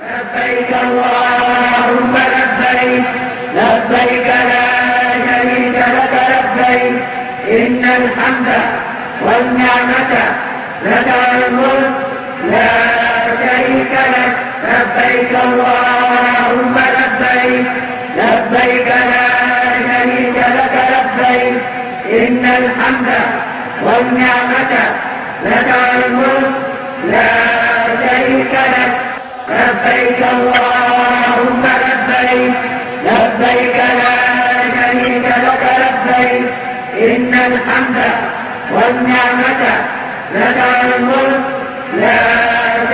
لبيك اللهم لبيك لبيك لا شريك لك لبيك إن الحمد والنعمة لك الملك لا شريك لك لبيك اللهم لبيك لبيك لا شريك لك لبيك إن الحمد والنعمة لك الملك لا شريك لك لبيك اللهم لبيك لبيك لا شريك لك لبيك إن الحمد والنعمة لك الملك لا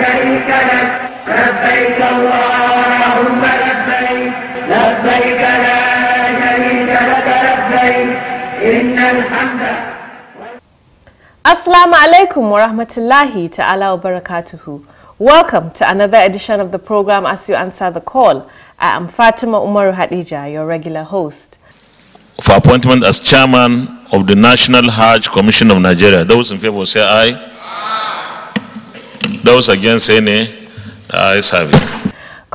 شريك لك لبيك اللهم لبيك لبيك لا شريك لك لبيك إن الحمد Assalamu alaikum wa rahmatullahi ta'ala wa barakatuhu. Welcome to another edition of the program As You Answer the Call. I am Fatima Umaru Hadija, your regular host. For appointment as chairman of the National Hajj Commission of Nigeria. Those in favor say aye. Those against say nay. The ayes have it.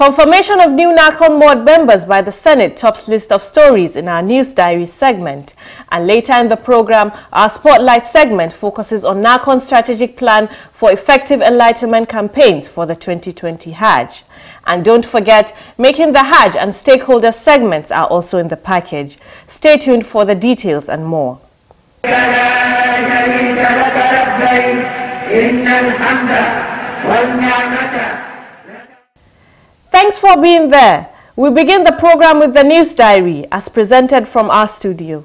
Confirmation of new NACON board members by the Senate tops list of stories in our News Diary segment. And later in the program, our Spotlight segment focuses on NACON's strategic plan for effective enlightenment campaigns for the 2020 Hajj. And don't forget, making the Hajj and stakeholder segments are also in the package. Stay tuned for the details and more. والنعمة Thanks for being there. We begin the program with the news diary as presented from our studio.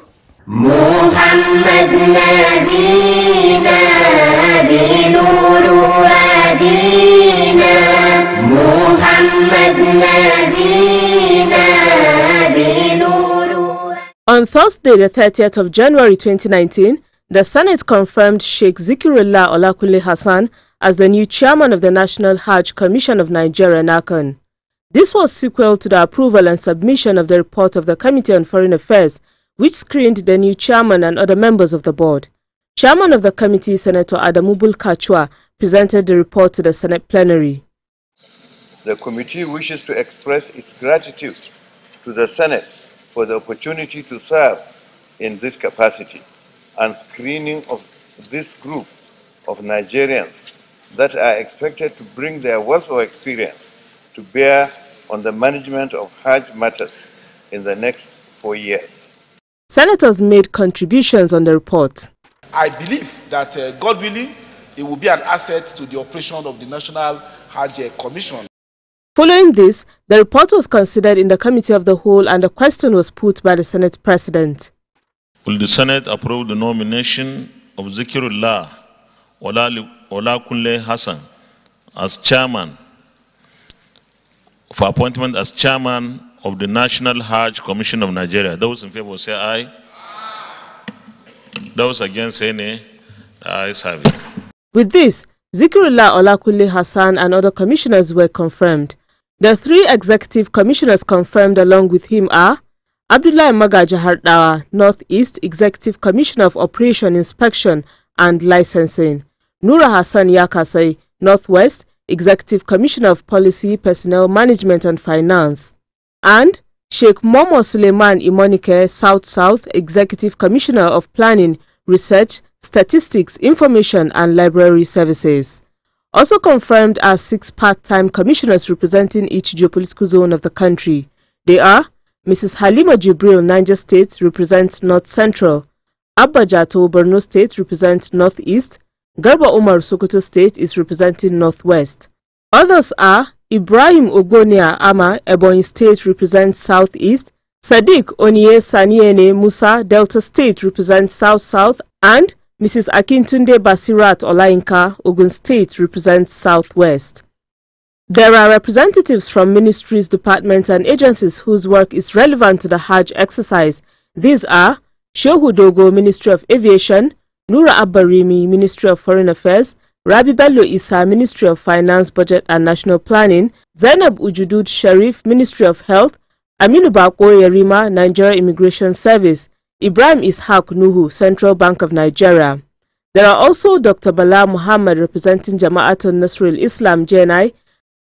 On Thursday, the 30th of January 2019, the Senate confirmed Sheikh Zikirullah Olakunle Hassan as the new chairman of the National Hajj Commission of Nigeria, NACON. This was sequel to the approval and submission of the report of the Committee on Foreign Affairs, which screened the new chairman and other members of the board. Chairman of the committee, Senator Adamubul Kachua, presented the report to the Senate plenary. The committee wishes to express its gratitude to the Senate for the opportunity to serve in this capacity and screening of this group of Nigerians that are expected to bring their wealth of experience to bear on the management of Hajj matters in the next four years. Senators made contributions on the report. I believe that, uh, God willing, it will be an asset to the operation of the National Hajj Commission. Following this, the report was considered in the Committee of the Whole and a question was put by the Senate President. Will the Senate approve the nomination of Zikirullah Ola Kunle Hassan as chairman for appointment as chairman of the National Hajj Commission of Nigeria. Those in favor say aye. Those against say nay. The ayes have it. With this, Zikrullah Olakunle Hassan and other commissioners were confirmed. The three executive commissioners confirmed along with him are Abdullah Magaja Hardawa, Northeast Executive Commissioner of Operation Inspection and Licensing, Nura Hassan Yakasai, Northwest Executive Commissioner of Policy, Personnel Management and Finance, and Sheikh Momo Suleiman Imonike, South South Executive Commissioner of Planning, Research, Statistics, Information and Library Services. Also confirmed are six part-time commissioners representing each geopolitical zone of the country. They are Mrs. Halima Jibril, Niger State, represents North Central. Abba Jato, Borno State, represents Northeast. Garba Umar Sokoto State is representing Northwest. Others are Ibrahim Ogbonia Ama Ebonyi State represents Southeast, Sadiq Onye Saniene Musa Delta State represents South South, and Mrs. Akintunde Basirat Olainka Ogun State represents Southwest. There are representatives from ministries, departments and agencies whose work is relevant to the Hajj exercise. These are Shohu Dogo Ministry of Aviation, Nura Abbarimi, Ministry of Foreign Affairs, Rabi Bello Issa, Ministry of Finance, Budget and National Planning, Zainab Ujudud Sharif, Ministry of Health, Aminu Bako Yarima, Nigeria Immigration Service, Ibrahim Ishaq Nuhu, Central Bank of Nigeria. There are also Dr. Bala Muhammad representing Jama'at al-Nasril Islam JNI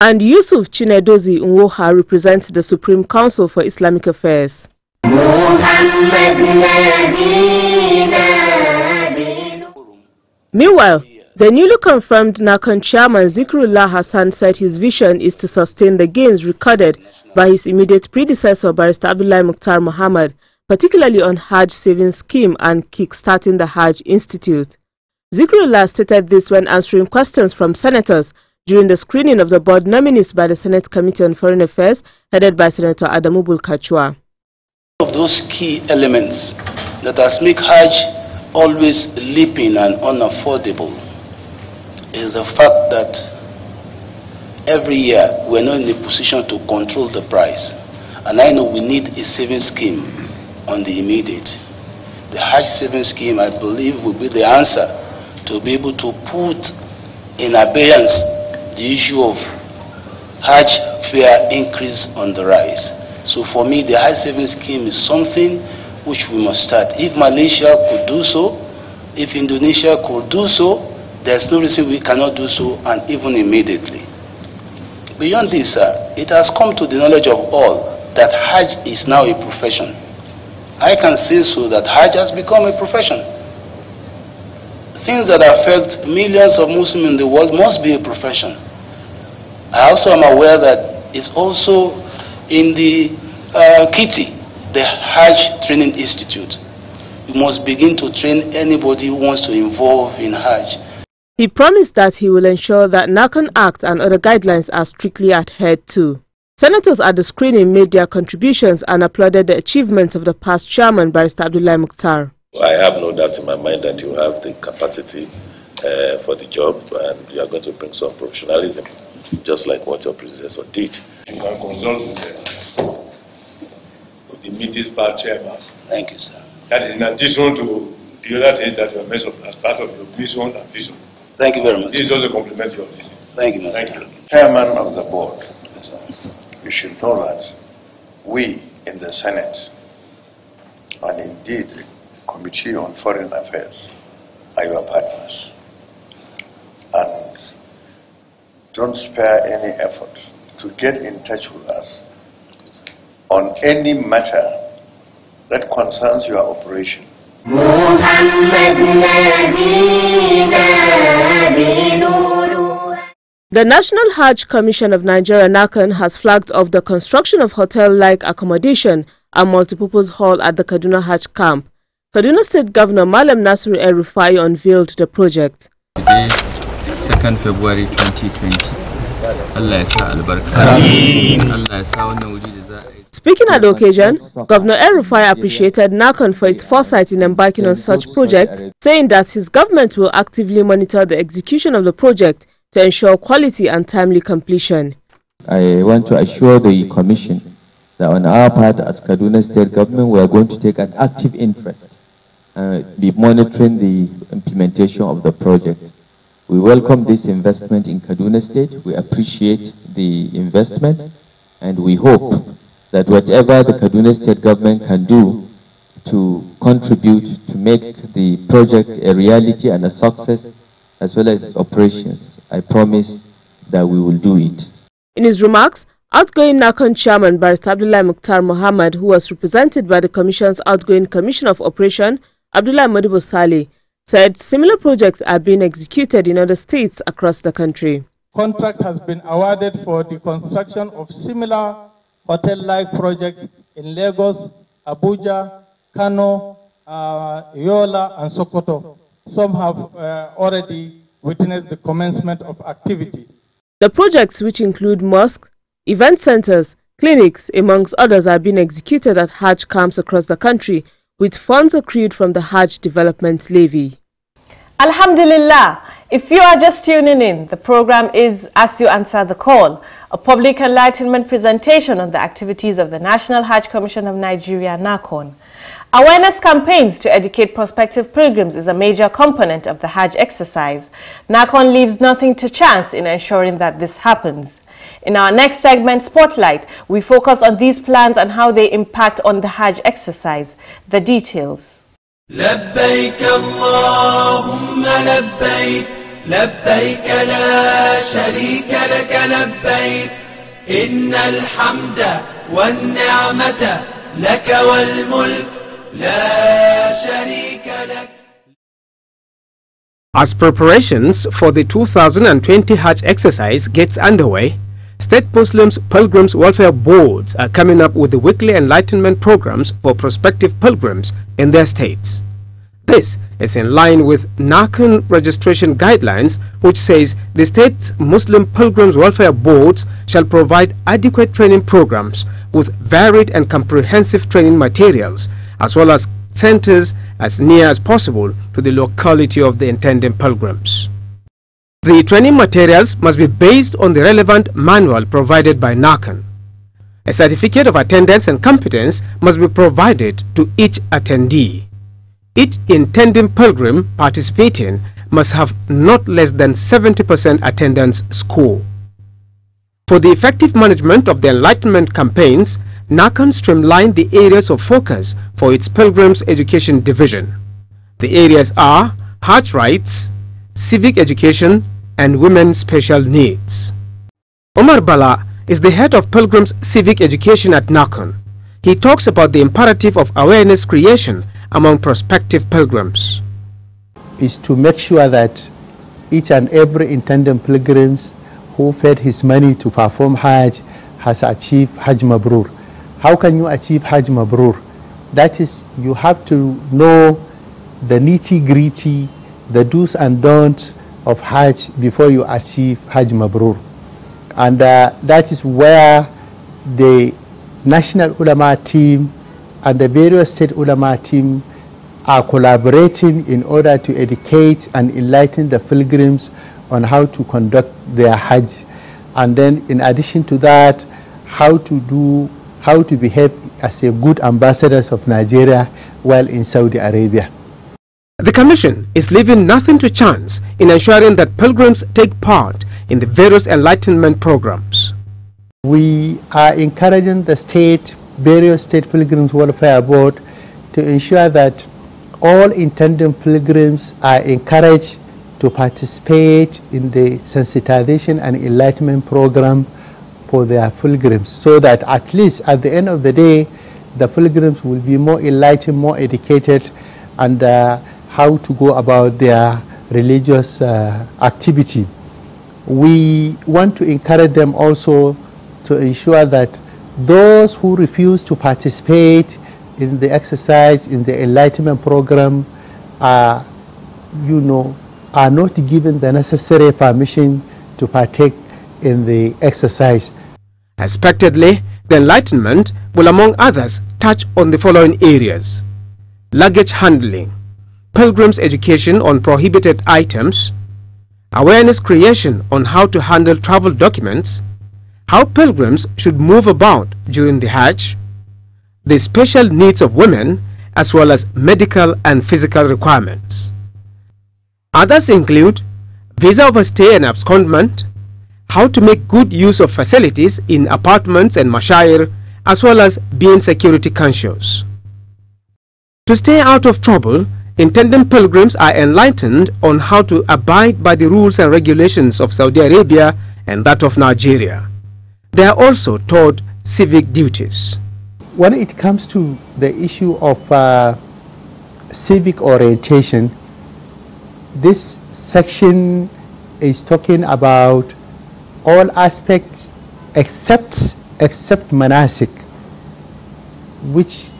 and Yusuf Chinedozi Unwoha represents the Supreme Council for Islamic Affairs. Muhammad Meanwhile, the newly confirmed Nakan chairman Zikrullah Hassan said his vision is to sustain the gains recorded by his immediate predecessor Barrister Abdullah Mukhtar Muhammad, particularly on Hajj savings scheme and kick-starting the Hajj Institute. Zikrullah stated this when answering questions from senators during the screening of the board nominees by the Senate Committee on Foreign Affairs headed by Senator Adamu Bulkachua. Of those key elements that has made Hajj always leaping and unaffordable is the fact that every year we're not in a position to control the price. And I know we need a saving scheme on the immediate. The high saving scheme, I believe, will be the answer to be able to put in abeyance the issue of high fare increase on the rise. So for me, the high saving scheme is something which we must start. If Malaysia could do so, if Indonesia could do so, there's no reason we cannot do so, and even immediately. Beyond this, uh, it has come to the knowledge of all that Hajj is now a profession. I can say so that Hajj has become a profession. Things that affect millions of Muslims in the world must be a profession. I also am aware that it's also in the uh, kitty the Hajj Training Institute. You must begin to train anybody who wants to involve in Hajj. He promised that he will ensure that NACON Act and other guidelines are strictly adhered to. Senators at the screening made their contributions and applauded the achievements of the past chairman, Barrister Abdullah Mukhtar. I have no doubt in my mind that you have the capacity uh, for the job and you are going to bring some professionalism, just like what your predecessor did. You can consult with them the MITI's past chairman. Thank you, sir. That is in addition to the other things that you have mentioned as part of your mission and vision. Thank you very much. This is also complimentary of this. Thank you, Mr. Thank you. Chairman of the board, yes, you should know that we in the Senate and indeed the Committee on Foreign Affairs are your partners. And don't spare any effort to get in touch with us on any matter that concerns your operation. The National Hajj Commission of Nigeria Nakan has flagged off the construction of hotel-like accommodation and multipurpose hall at the Kaduna Hajj camp. Kaduna State Governor Malam Nasir el unveiled the project. Today, 2nd February 2020, Allah Speaking at the occasion, Governor Erufai appreciated NACON for its foresight in embarking on such projects, saying that his government will actively monitor the execution of the project to ensure quality and timely completion. I want to assure the Commission that on our part as Kaduna State Government, we are going to take an active interest and uh, be monitoring the implementation of the project. We welcome this investment in Kaduna State. We appreciate the investment and we hope that whatever the Kaduna state government can do to contribute to make the project a reality and a success, as well as operations, I promise that we will do it. In his remarks, outgoing NACON chairman Barrister Abdullah Mukhtar Mohammed, who was represented by the Commission's outgoing Commission of Operation, Abdullah Modibo Saleh, said similar projects are being executed in other states across the country. Contract has been awarded for the construction of similar hotel-like projects in Lagos, Abuja, Kano, uh, Yola, and Sokoto. Some have uh, already witnessed the commencement of activity. The projects, which include mosques, event centers, clinics, amongst others, are being executed at Hajj camps across the country with funds accrued from the Hajj Development Levy. Alhamdulillah. If you are just tuning in, the program is As You Answer the Call, a public enlightenment presentation on the activities of the National Hajj Commission of Nigeria, NACON. Awareness campaigns to educate prospective pilgrims is a major component of the Hajj exercise. NACON leaves nothing to chance in ensuring that this happens. In our next segment, Spotlight, we focus on these plans and how they impact on the Hajj exercise. The details. لبيك اللهم لبيك لبيك لا شريك لك لبيك إن الحمد والنعمة لك والملك لا شريك لك As preparations for the 2020 Hajj exercise gets underway, State Muslims Pilgrims Welfare Boards are coming up with the weekly enlightenment programs for prospective pilgrims in their states. This is in line with Narkin registration guidelines which says the state Muslim Pilgrims Welfare Boards shall provide adequate training programs with varied and comprehensive training materials as well as centers as near as possible to the locality of the intending pilgrims. The training materials must be based on the relevant manual provided by Narkin. A certificate of attendance and competence must be provided to each attendee. Each intending pilgrim participating must have not less than 70% attendance score. For the effective management of the Enlightenment campaigns, NACAN streamlined the areas of focus for its Pilgrims Education Division. The areas are Heart Rights, Civic Education, and Women's Special Needs. Omar Bala is the head of Pilgrims Civic Education at NACON. He talks about the imperative of awareness creation among prospective pilgrims. Is to make sure that each and every intended pilgrims who paid his money to perform Hajj has achieved Hajj Mabrur. How can you achieve Hajj Mabrur? That is, you have to know the nitty gritty, the do's and don'ts of Hajj before you achieve Hajj Mabrur. And uh, that is where the National Ulama team and the various state ulama team are collaborating in order to educate and enlighten the pilgrims on how to conduct their hajj and then in addition to that how to do how to behave as a good ambassadors of Nigeria while in Saudi Arabia. The Commission is leaving nothing to chance in ensuring that pilgrims take part in the various enlightenment programs. We are encouraging the state various state pilgrims welfare board to ensure that all intending pilgrims are encouraged to participate in the sensitization and enlightenment program for their pilgrims so that at least at the end of the day the pilgrims will be more enlightened, more educated and uh, how to go about their religious uh, activity. We want to encourage them also to ensure that those who refuse to participate in the exercise in the enlightenment program are you know are not given the necessary permission to partake in the exercise expectedly the enlightenment will among others touch on the following areas luggage handling pilgrims education on prohibited items awareness creation on how to handle travel documents how pilgrims should move about during the Hajj, the special needs of women, as well as medical and physical requirements. Others include visa overstay and abscondment, how to make good use of facilities in apartments and mashair, as well as being security conscious. To stay out of trouble, intending pilgrims are enlightened on how to abide by the rules and regulations of Saudi Arabia and that of Nigeria. They are also taught civic duties. When it comes to the issue of uh, civic orientation, this section is talking about all aspects except except monastic, which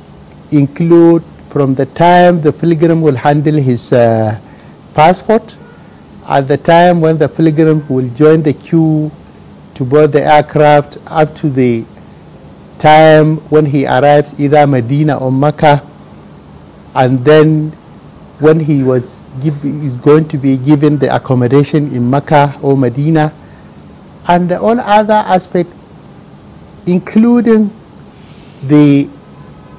include from the time the pilgrim will handle his uh, passport at the time when the pilgrim will join the queue to board the aircraft up to the time when he arrives either Medina or Mecca and then when he was give, is going to be given the accommodation in Mecca or Medina and all other aspects including the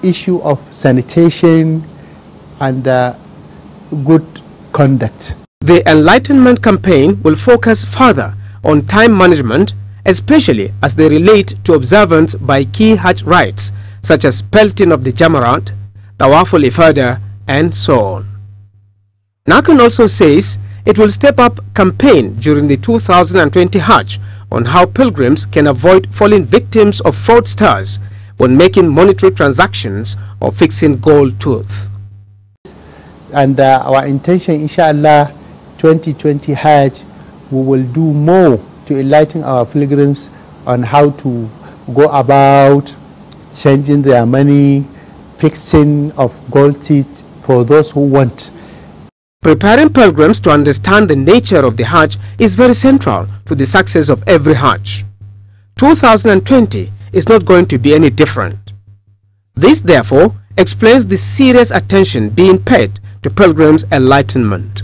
issue of sanitation and uh, good conduct. The Enlightenment campaign will focus further on time management especially as they relate to observance by key Hajj rites such as pelting of the jamarat, tawaful ifada, and so on. Nakan also says it will step up campaign during the 2020 Hajj on how pilgrims can avoid falling victims of fraudsters when making monetary transactions or fixing gold tooth. And uh, our intention, inshallah, 2020 Hajj, we will do more to enlighten our pilgrims on how to go about changing their money, fixing of gold teeth for those who want. Preparing pilgrims to understand the nature of the Hajj is very central to the success of every Hajj. 2020 is not going to be any different. This therefore explains the serious attention being paid to pilgrims' enlightenment.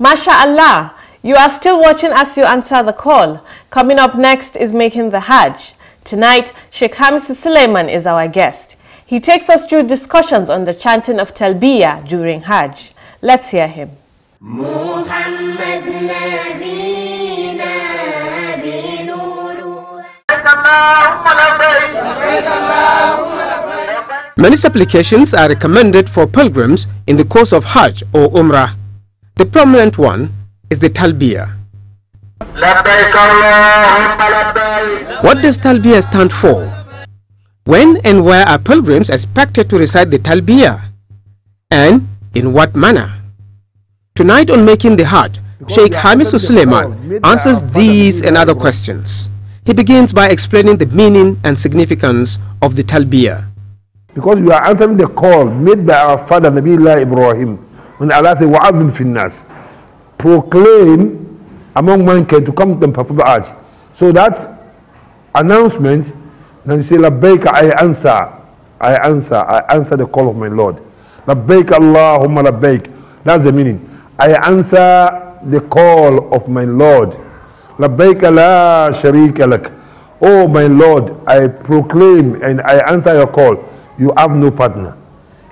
Allah. You are still watching as you answer the call. Coming up next is Making the Hajj. Tonight, Sheikh Hamisu Suleiman is our guest. He takes us through discussions on the chanting of Talbiyah during Hajj. Let's hear him. Many supplications are recommended for pilgrims in the course of Hajj or Umrah. The prominent one is the talbiyah. What does talbiyah stand for? When and where are pilgrims expected to recite the talbiyah? And in what manner? Tonight on Making the Heart, Sheikh Hamis Suleiman answers these and other questions. He begins by explaining the meaning and significance of the talbiyah. Because we are answering the call made by our father Nabi Ibrahim when Allah said, وَعَذِّمْ فِي النَّاسِ proclaim among mankind to come and perform Hajj. So that announcement, then you say, Labbaik, I answer, I answer, I answer the call of my Lord. Labbaik Allahumma Labbaik. That's the meaning. I answer the call of my Lord. Labbaik Allah sharika lak. Oh my Lord, I proclaim and I answer your call. You have no partner.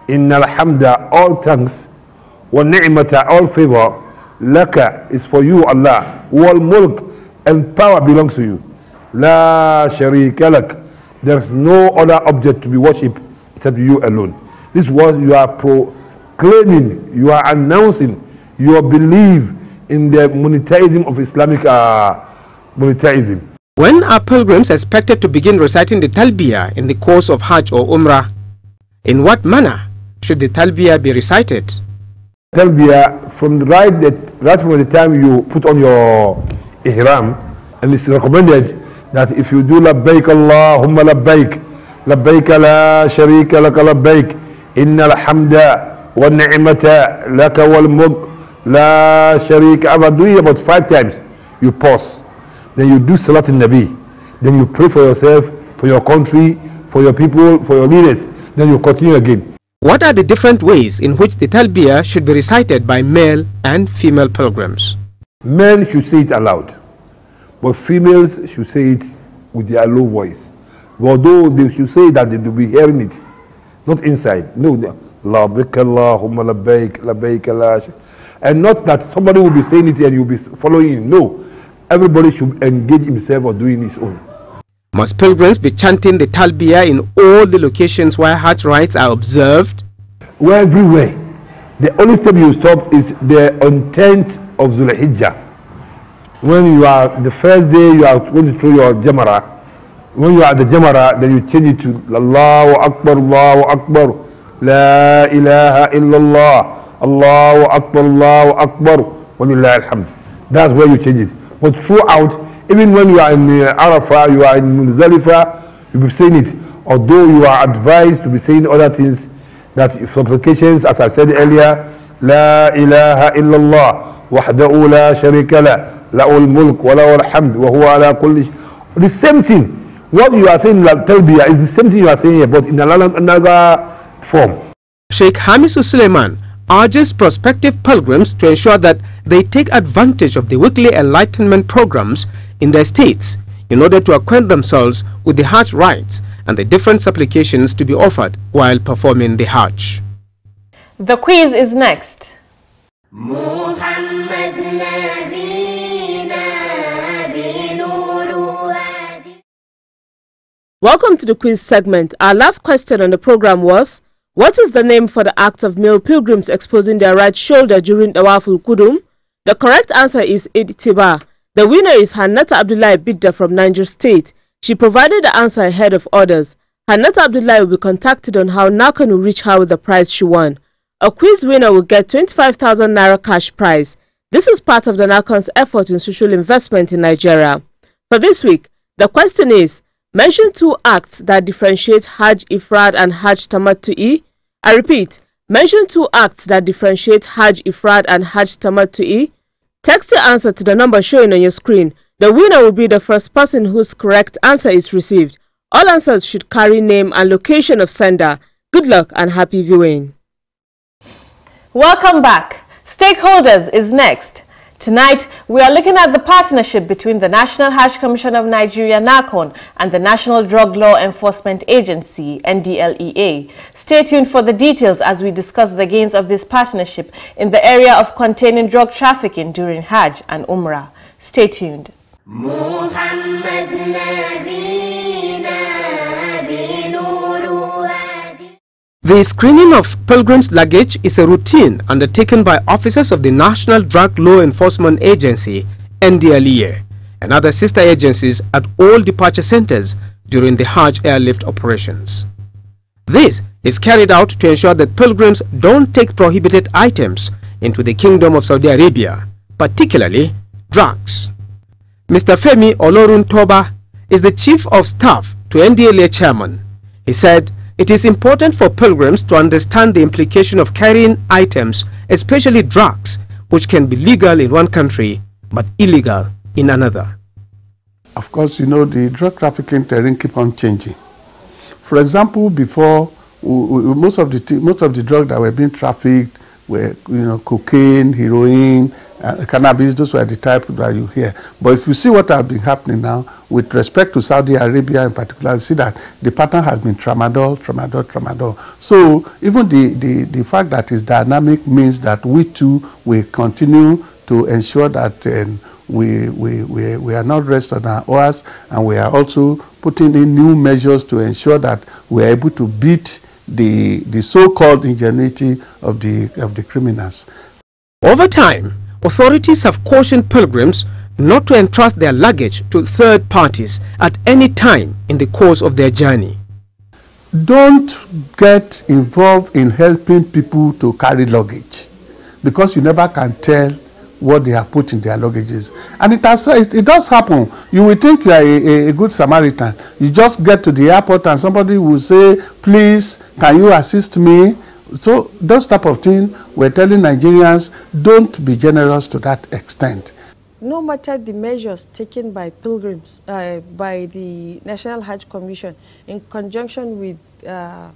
Inna alhamdulillah, all thanks. Wa ni'mata, all favor. Laka is for you, Allah. All mulk and power belongs to you. La sharika lak. There is no other object to be worshipped except you alone. This was you are proclaiming, you are announcing your belief in the monetarism of Islamic uh, monetarism. When are pilgrims expected to begin reciting the Talbiyah in the course of Hajj or Umrah? In what manner should the Talbiyah be recited? Talbiya from the right that right from the time you put on your ihram and it's recommended that if you do labbaik Allahumma labbaik labbaik la sharika laka labbaik la hamda wa ni'mata laka wal mulk la sharika abad do it about five times you pause then you do salat nabi then you pray for yourself for your country for your people for your leaders then you continue again what are the different ways in which the talbiyah should be recited by male and female pilgrims? Men should say it aloud, but females should say it with their low voice. Although they should say that they will be hearing it, not inside. No, labbaik Allahumma labbaik, la Allah. And not that somebody will be saying it and you'll be following No, everybody should engage himself or doing his own. Must pilgrims be chanting the Talbiyah in all the locations where Hajj rites are observed? Well, everywhere. The only step you stop is the on 10th of Dhul When you are, the first day you are going to throw your Jamara, when you are at the Jamara, then you change it to Allahu Akbar, Allahu Akbar, La ilaha illallah, Allahu Akbar, Allahu Akbar, Walillah alhamd. That's where you change it. But throughout, even when you are in uh, Arafah, you are in Muzdalifah, you be saying it. Although you are advised to be saying other things, that supplications, as I said earlier, لا إله إلا الله وحده لا شريك له له الملك وله الحمد وهو على كل شيء the same thing what you are saying in like, Talbiyah is the same thing you are saying here but in another form Sheikh Hamisu Suleiman urges prospective pilgrims to ensure that they take advantage of the weekly enlightenment programs in their states in order to acquaint themselves with the Hajj rites and the different supplications to be offered while performing the Hajj. The quiz is next. Welcome to the quiz segment. Our last question on the program was, what is the name for the act of male pilgrims exposing their right shoulder during the Waful Kudum? The correct answer is Iditiba. The winner is Hanata Abdullah Bidda from Niger State. She provided the answer ahead of others. Hanata Abdullah will be contacted on how Nakan will reach her with the prize she won. A quiz winner will get 25,000 Naira cash prize. This is part of the Nakan's effort in social investment in Nigeria. For this week, the question is, mention two acts that differentiate Hajj Ifrad and Hajj Tamattu'i. I repeat, mention two acts that differentiate Hajj Ifrad and Hajj E. I repeat: Mention two acts that differentiate Haj Ifrad and Haj Tamatu E. Text your answer to the number showing on your screen. The winner will be the first person whose correct answer is received. All answers should carry name and location of sender. Good luck and happy viewing. Welcome back. Stakeholders is next. Tonight, we are looking at the partnership between the National Hajj Commission of Nigeria, NACON, and the National Drug Law Enforcement Agency, NDLEA. Stay tuned for the details as we discuss the gains of this partnership in the area of containing drug trafficking during Hajj and Umrah. Stay tuned. The screening of pilgrims' luggage is a routine undertaken by officers of the National Drug Law Enforcement Agency, NDLEA, and other sister agencies at all departure centers during the Hajj airlift operations. This is carried out to ensure that pilgrims don't take prohibited items into the Kingdom of Saudi Arabia, particularly drugs. Mr. Femi Olorun Toba is the Chief of Staff to NDLEA Chairman. He said it is important for pilgrims to understand the implication of carrying items, especially drugs, which can be legal in one country but illegal in another. Of course, you know, the drug trafficking terrain keep on changing. For example, before, most of the, most of the drugs that were being trafficked were, you know, cocaine, heroin, uh, cannabis, those were the type that you hear. But if you see what has been happening now, with respect to Saudi Arabia in particular, you see that the pattern has been tramadol, tramadol, tramadol. So even the, the, the fact that it's dynamic means that we too will continue to ensure that um, we, we, we, we are not rest on our oars and we are also putting in new measures to ensure that we are able to beat the, the so-called ingenuity of the, of the criminals. Over time, Authorities have cautioned pilgrims not to entrust their luggage to third parties at any time in the course of their journey. Don't get involved in helping people to carry luggage because you never can tell what they have put in their luggages. And it, has, it, it does happen. You will think you are a, a, a good Samaritan. You just get to the airport and somebody will say, please, can you assist me? So those type of things, we're telling Nigerians, don't be generous to that extent. No matter the measures taken by pilgrims, uh, by the National Hajj Commission, in conjunction with uh,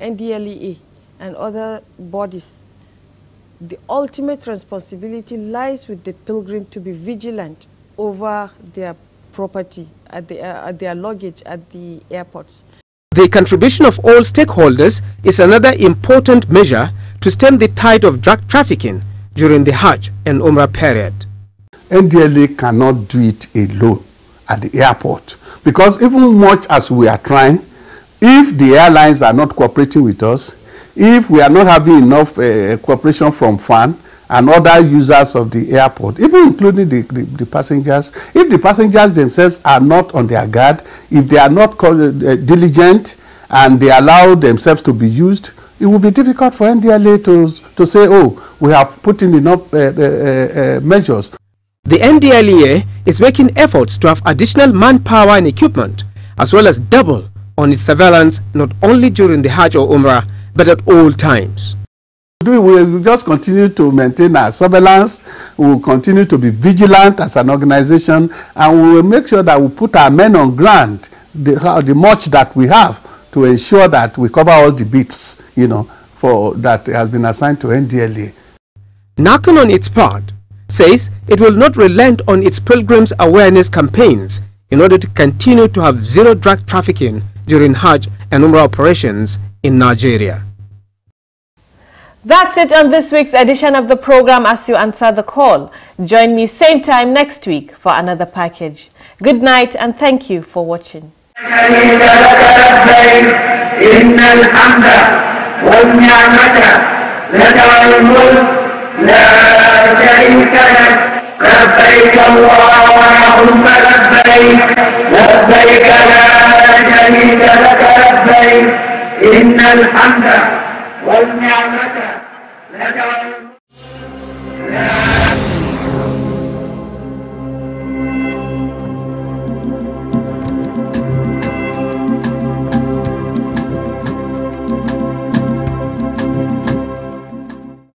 NDLEA and other bodies, the ultimate responsibility lies with the pilgrim to be vigilant over their property, at, the, uh, at their luggage at the airports. The contribution of all stakeholders is another important measure to stem the tide of drug trafficking during the Hajj and Umrah period. NDLA cannot do it alone at the airport because even much as we are trying, if the airlines are not cooperating with us, if we are not having enough uh, cooperation from FAN, and other users of the airport, even including the, the, the, passengers, if the passengers themselves are not on their guard, if they are not uh, diligent and they allow themselves to be used, it will be difficult for NDLA to, to say, oh, we have put in enough uh, uh, uh, uh measures. The NDLEA is making efforts to have additional manpower and equipment, as well as double on its surveillance not only during the Hajj or Umrah, but at all times we will just continue to maintain our surveillance, we will continue to be vigilant as an organization, and we will make sure that we put our men on ground, the, uh, the much that we have, to ensure that we cover all the bits, you know, for, that has been assigned to NDLA. NACON on its part says it will not relent on its pilgrims awareness campaigns in order to continue to have zero drug trafficking during Hajj and Umrah operations in Nigeria. That's it on this week's edition of the program As You Answer the Call. Join me same time next week for another package. Good night and thank you for watching. لبيك اللهم لبيك لبيك لا شريك لك لبيك إن الحمد Hãy subscribe cho kênh Ghiền